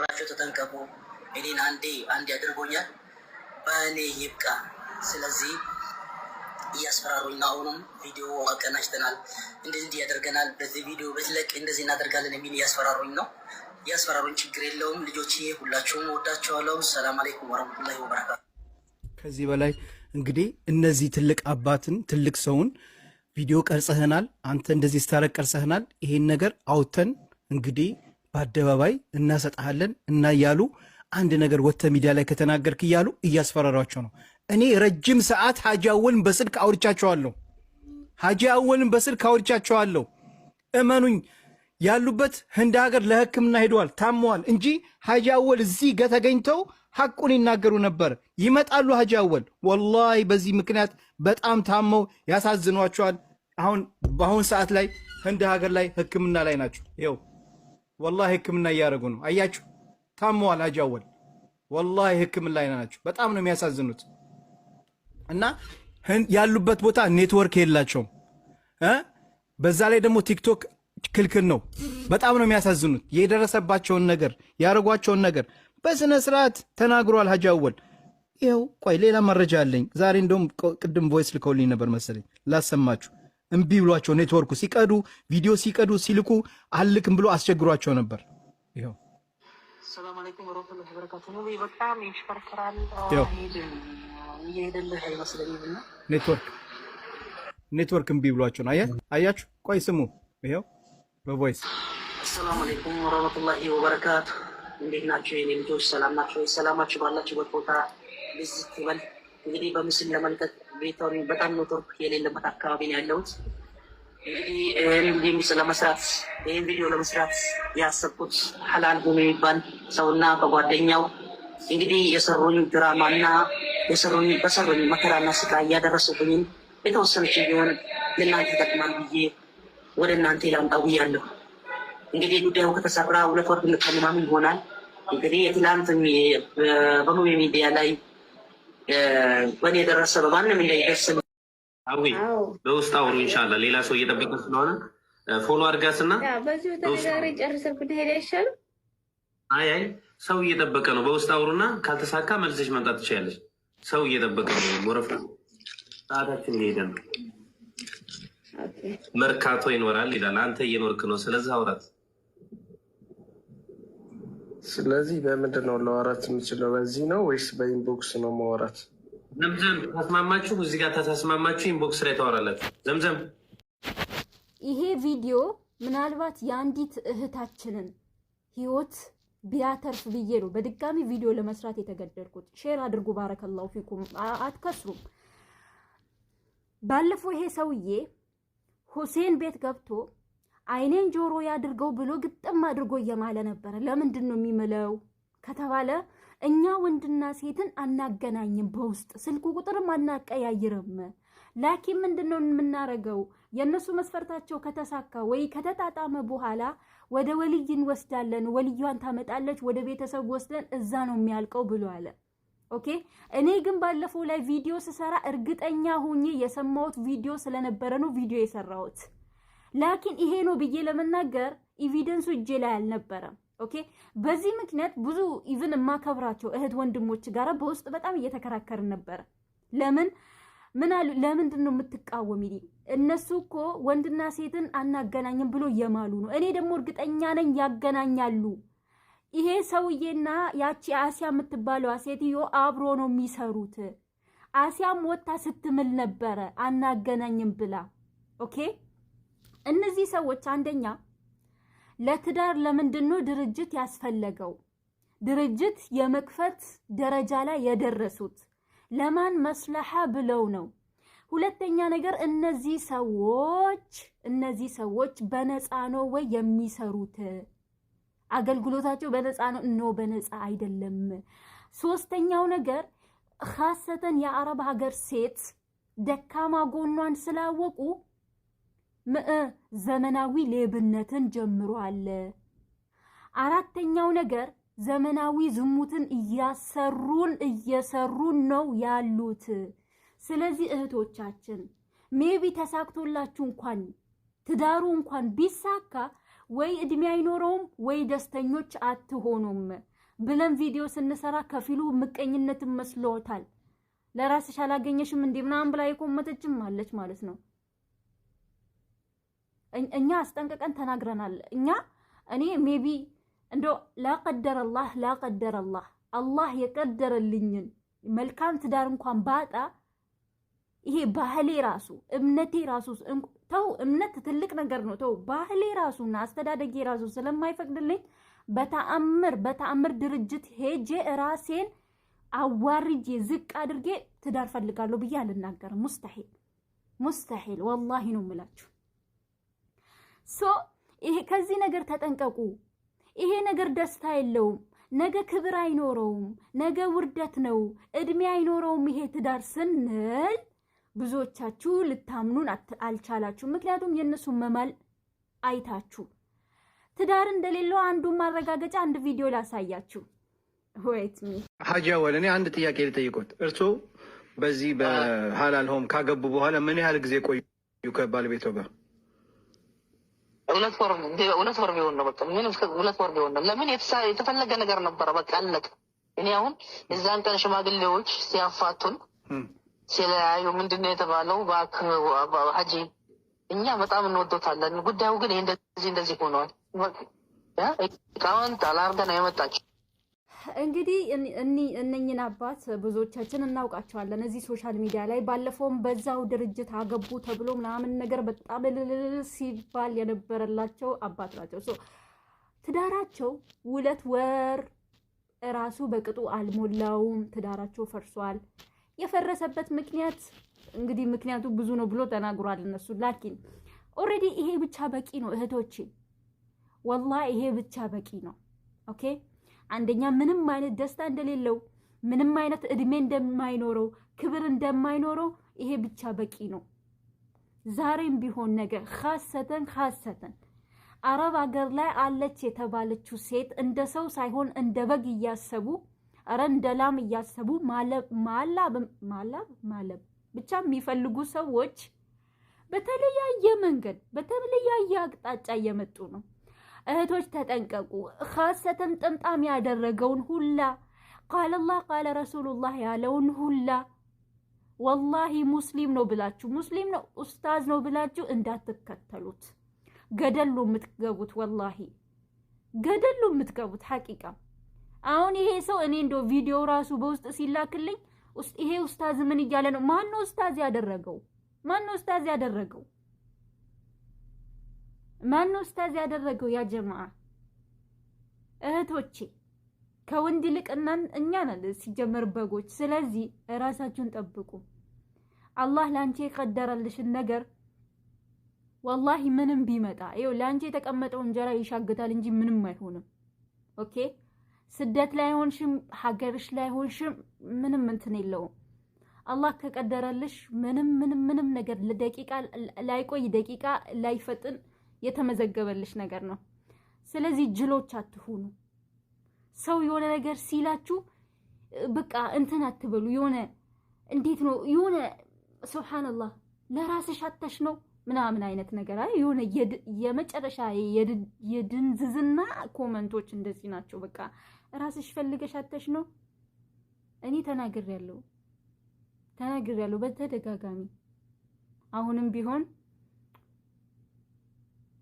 ራቸው ተጠንቀቁ። እኔን አንዴ አንዴ አድርጎኛል፣ በእኔ ይብቃ። ስለዚህ እያስፈራሩኝ አሁኑም ቪዲዮ አቀናጅተናል፣ እንደዚህ እንዲህ ያደርገናል፣ በዚህ ቪዲዮ በትለቅ እንደዚህ እናደርጋለን የሚል እያስፈራሩኝ ነው። እያስፈራሩኝ ችግር የለውም ልጆች፣ ሁላችሁም ወዳቸዋለሁ። ሰላም አለይኩም ወረመቱላ ወበረካቱ። ከዚህ በላይ እንግዲህ እነዚህ ትልቅ አባትን ትልቅ ሰውን ቪዲዮ ቀርጸህናል፣ አንተ እንደዚህ ስታረቅ ቀርጸህናል፣ ይሄን ነገር አውተን እንግዲህ በአደባባይ እናሰጥሃለን እና እያሉ አንድ ነገር ወጥተ ሚዲያ ላይ ከተናገርክ እያሉ እያስፈራሯቸው ነው። እኔ ረጅም ሰዓት ሀጂ አወልን በስልክ አውርቻቸዋለሁ። ሀጂ አወልን በስልክ አውርቻቸዋለሁ። እመኑኝ ያሉበት ህንድ ሀገር ለሕክምና ሄደዋል፣ ታመዋል እንጂ ሀጂ አወል እዚህ ጋ ተገኝተው ሐቁን ይናገሩ ነበር። ይመጣሉ ሀጂ አወል ወላሂ። በዚህ ምክንያት በጣም ታመው ያሳዝኗቸዋል። አሁን በአሁን ሰዓት ላይ ህንድ ሀገር ላይ ሕክምና ላይ ናቸው ይኸው ወላሂ ህክምና እያደረጉ ነው። አያችሁ ታመዋል። አጃወል ወላሂ ህክምና ላይ ናቸው። በጣም ነው የሚያሳዝኑት። እና ያሉበት ቦታ ኔትወርክ የላቸውም። በዛ ላይ ደግሞ ቲክቶክ ክልክል ነው። በጣም ነው የሚያሳዝኑት። የደረሰባቸውን ነገር ያደረጓቸውን ነገር በስነ ስርዓት ተናግሯል። ሀጃወል ይኸው ቆይ ሌላ መረጃ አለኝ ዛሬ እንደውም ቅድም ቮይስ ልከውልኝ ነበር መሰለኝ ላሰማችሁ እምቢ ብሏቸው ኔትወርኩ ሲቀዱ ቪዲዮ ሲቀዱ ሲልኩ አልክም ብሎ አስቸግሯቸው ነበር። ይኸው ሰላም አለይኩም ወረህመቱላሂ ወበረካቱ። በጣም ይሽከረከራል፣ እየሄደልህ አይመስለኝም። ኔትወርክ ኔትወርክ እምቢ ብሏቸው ነው። አያችሁ? ቆይ ስሙ፣ ይኸው በቮይስ አሰላሙ አለይኩም ወረህመቱላሂ ወበረካቱ። እንዴት ናቸው የኔ ልጆች? ሰላም ናቸው? ሰላማችሁ ባላችሁበት ቦታ ብዝት ይበል። እንግዲህ በምስል ለመልቀቅ ቤተሪ በጣም ኔትወርክ የሌለበት አካባቢ ነው ያለሁት። እንግዲህ ሪንግስ ለመስራት ይህን ቪዲዮ ለመስራት ያሰብኩት ሀላል ሆኖ የሚባል ሰውና በጓደኛው እንግዲህ የሰሩኝ ድራማና የሰሩኝ በሰሩኝ መከራና ስቃይ እያደረሱብኝን የተወሰነች ቢሆን ለእናንተ ይጠቅማል ብዬ ወደ እናንተ ላምጣው ብያለሁ። እንግዲህ ጉዳዩ ከተሰራ ሁለት ወር ምናምን ይሆናል። እንግዲህ የትላንት በሙሜ ሚዲያ ላይ ወኔ የደረሰ በማንም እንዳይደርስ አዊ በውስጥ አውሩ ኢንሻላህ። ሌላ ሰው እየጠበቀ ስለሆነ ፎሎ አድርጋት እና በዚሁ ተነጋግሬ ጨርሰን ብንሄድ አይሻልም? አይ አይ ሰው እየጠበቀ ነው። በውስጥ አውሩና ካልተሳካ መልሰሽ መምጣት ትችያለሽ። ሰው እየጠበቀ ነው። ወረፍ ሰዓታችን እየሄደ ነው። መርካቶ ይኖራል ይላል። አንተ እየኖርክ ነው። ስለዚህ አውራት ስለዚህ በምንድን ነው ለወራት የምችለው? በዚህ ነው ወይስ በኢንቦክስ ነው ማውራት? ዘምዘም ተስማማችሁ፣ እዚህ ጋር ተስማማችሁ፣ ኢንቦክስ ላይ ታወራላችሁ። ዘምዘም ይሄ ቪዲዮ ምናልባት የአንዲት እህታችንን ህይወት ቢያተርፍ ብዬ ነው በድጋሚ ቪዲዮ ለመስራት የተገደልኩት። ሼር አድርጉ። ባረከላሁ ፊኩም አትከስሩም። ባለፈው ይሄ ሰውዬ ሁሴን ቤት ገብቶ አይኔን ጆሮ ያድርገው ብሎ ግጥም አድርጎ እየማለ ነበረ። ለምንድን ነው የሚምለው ከተባለ እኛ ወንድና ሴትን አናገናኝም፣ በውስጥ ስልኩ ቁጥርም አናቀያይርም። ላኪን ምንድን ነው የምናረገው? የእነሱ መስፈርታቸው ከተሳካ ወይ ከተጣጣመ በኋላ ወደ ወልይ እንወስዳለን። ወልዩዋን ታመጣለች፣ ወደ ቤተሰብ ወስደን እዛ ነው የሚያልቀው ብሎ አለ። ኦኬ። እኔ ግን ባለፈው ላይ ቪዲዮ ስሰራ እርግጠኛ ሁኜ የሰማሁት ቪዲዮ ስለነበረ ነው ቪዲዮ የሰራሁት። ላኪን ይሄ ነው ብዬ ለመናገር ኢቪደንሱ እጄ ላይ አልነበረም። ኦኬ በዚህ ምክንያት ብዙ ኢቭን የማከብራቸው እህት ወንድሞች ጋር በውስጥ በጣም እየተከራከርን ነበረ። ለምን ምን አሉ፣ ለምንድን ነው የምትቃወሚ? እነሱ እኮ ወንድና ሴትን አናገናኝም ብሎ የማሉ ነው። እኔ ደግሞ እርግጠኛ ነኝ ያገናኛሉ። ይሄ ሰውዬና ያቺ አሲያ የምትባለዋ ሴትዮ አብሮ ነው የሚሰሩት። አሲያም ወጥታ ስትምል ነበረ አናገናኝም ብላ ኦኬ እነዚህ ሰዎች አንደኛ ለትዳር ለምንድን ነው ድርጅት ያስፈለገው? ድርጅት የመክፈት ደረጃ ላይ የደረሱት ለማን መስለሐ ብለው ነው? ሁለተኛ ነገር እነዚህ ሰዎች እነዚህ ሰዎች በነፃ ነው ወይ የሚሰሩት? አገልግሎታቸው በነፃ ነው? ኖ በነፃ አይደለም። ሶስተኛው ነገር ካሰተን የአረብ ሀገር ሴት ደካማ ጎኗን ስላወቁ ዘመናዊ ሌብነትን ጀምሯል። አራተኛው ነገር ዘመናዊ ዝሙትን እያሰሩን እየሰሩን ነው ያሉት። ስለዚህ እህቶቻችን ሜቢ ተሳክቶላችሁ እንኳን ትዳሩ እንኳን ቢሳካ ወይ እድሜ አይኖረውም ወይ ደስተኞች አትሆኑም ብለን ቪዲዮ ስንሰራ ከፊሉ ምቀኝነት መስሎታል። ለራስሽ አላገኘሽም እንዴ ምናምን ብላ የቆመተችም አለች ማለት ነው። እኛ አስጠንቅቀን ተናግረናል። እኛ እኔ ሜቢ እንዶ ላቀደረላህ ላቀደረላህ አላህ የቀደረልኝን መልካም ትዳር እንኳን ባጣ ይሄ ባህሌ ራሱ እምነቴ ራሱ ተው፣ እምነት ትልቅ ነገር ነው። ተው ባህሌ ራሱና አስተዳደጌ ራሱ ስለማይፈቅድልኝ በተአምር በተአምር ድርጅት ሄጄ ራሴን አዋርጄ ዝቅ አድርጌ ትዳር ፈልጋለሁ ብዬ አልናገርም። ሙስተሒል ሙስተሒል፣ ወላሂ ነው የምላችሁ። ሶ ይሄ ከዚህ ነገር ተጠንቀቁ። ይሄ ነገር ደስታ የለውም። ነገ ክብር አይኖረውም። ነገ ውርደት ነው። እድሜ አይኖረውም። ይሄ ትዳር ስንል ብዙዎቻችሁ ልታምኑን አልቻላችሁ። ምክንያቱም የእነሱን መማል አይታችሁ ትዳር እንደሌለው አንዱን ማረጋገጫ አንድ ቪዲዮ ላሳያችሁ። ወይት ሀጂ አወል እኔ አንድ ጥያቄ ልጠይቆት፣ እርስዎ በዚህ በሀላል ሆም ካገቡ በኋላ ምን ያህል ጊዜ ቆዩ ከባለቤቶ ጋር? እውነት ወር እውነት ወር ቢሆን ነው በቃ ምን እውነት ወር ቢሆን ነው። ለምን የተፈለገ ነገር ነበረ በቃ አለቀ። እኔ አሁን እዛን ቀን ሽማግሌዎች ሲያፋቱን ሲለያዩ ምንድነው የተባለው? እባክህ ሀጂ እኛ በጣም እንወዶታለን፣ ጉዳዩ ግን እንደዚህ እንደዚህ ሆነዋል። እቃውን ጣላ አድርገን ነው የመጣችው እንግዲህ እነኝን አባት ብዙዎቻችን እናውቃቸዋለን እዚህ ሶሻል ሚዲያ ላይ ባለፈውም በዛው ድርጅት አገቡ ተብሎ ምናምን ነገር በጣም እልል ሲባል የነበረላቸው አባት ናቸው። ትዳራቸው ሁለት ወር እራሱ በቅጡ አልሞላውም፣ ትዳራቸው ፈርሷል። የፈረሰበት ምክንያት እንግዲህ ምክንያቱ ብዙ ነው ብሎ ተናግሯል። እነሱ ላኪን ኦልሬዲ ይሄ ብቻ በቂ ነው እህቶቼ፣ ወላ ይሄ ብቻ በቂ ነው ኦኬ አንደኛ ምንም አይነት ደስታ እንደሌለው፣ ምንም አይነት እድሜ እንደማይኖረው፣ ክብር እንደማይኖረው ይሄ ብቻ በቂ ነው። ዛሬም ቢሆን ነገ ካሰተን ካሰተን አረብ አገር ላይ አለች የተባለችው ሴት እንደ ሰው ሳይሆን እንደ በግ እያሰቡ ረ እንደ ላም እያሰቡ ማላብ ማለብ ብቻ የሚፈልጉ ሰዎች በተለያየ መንገድ በተለያየ አቅጣጫ እየመጡ ነው። እህቶች ተጠንቀቁ። ካሰተም ጥምጣም ያደረገውን ሁላ ቃለላህ ቃለ ረሱሉላህ ያለውን ሁላ ወላሂ ሙስሊም ነው ብላችሁ ሙስሊም ነው ኡስታዝ ነው ብላችሁ እንዳትከተሉት። ገደሉ የምትገቡት ወላሂ ገደሉ የምትገቡት ሐቂቃ። አሁን ይሄ ሰው እኔ እንደ ቪዲዮ ራሱ በውስጥ ሲላክልኝ ይሄ ኡስታዝ ምን እያለ ነው? ማነው ኡስታዝ ያደረገው? ማነው ኡስታዝ ያደረገው? ማን ነው ኡስታዝ ያደረገው? ያ ጀማዓ እህቶቼ ከወንድ ይልቅ እኛ ነን ሲጀመር በጎች። ስለዚህ ራሳችሁን ጠብቁ። አላህ ለአንቺ የቀደረልሽን ነገር ወላሂ ምንም ቢመጣ ይኸው ለአንቺ የተቀመጠው እንጀራ ይሻግታል እንጂ ምንም አይሆንም። ኦኬ ስደት ላይ ሆንሽም ሀገርሽ ላይ ሆንሽም ምንም እንትን የለውም። አላህ ከቀደረልሽ ምንም ምንም ምንም ነገር ለደቂቃ ላይቆይ ደቂቃ ላይፈጥን የተመዘገበልሽ ነገር ነው። ስለዚህ ጅሎች አትሁኑ። ሰው የሆነ ነገር ሲላችሁ በቃ እንትን አትበሉ። የሆነ እንዴት ነው የሆነ ሱብሓነላህ ለራስሽ አተሽ ነው ምናምን አይነት ነገር አይ የሆነ የመጨረሻ የድንዝዝና ኮመንቶች እንደዚህ ናቸው። በቃ ራስሽ ፈልገሽ አተሽ ነው። እኔ ተናግሬያለሁ ተናግሬያለሁ በተደጋጋሚ አሁንም ቢሆን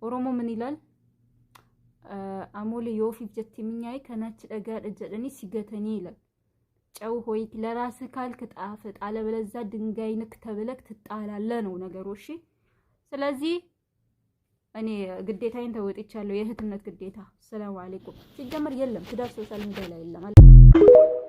ኦሮሞ ምን ይላል? አሞሌ የወፊፍ ጀት የሚኛይ ከናች ደጋ ደጀደኒ ሲገተኒ ይላል። ጨው ሆይ ለራስ ካልክ ጣፍጥ፣ አለበለዛ ድንጋይ ንክ ተብለክ ትጣላለህ ነው ነገሩ። እሺ ስለዚህ እኔ ግዴታዬን ተወጥቻለሁ፣ የእህትነት ግዴታ። ሰላም አለይኩም። ሲጀመር የለም ትዳር ሶሻል ሚዲያ ላይ የለም።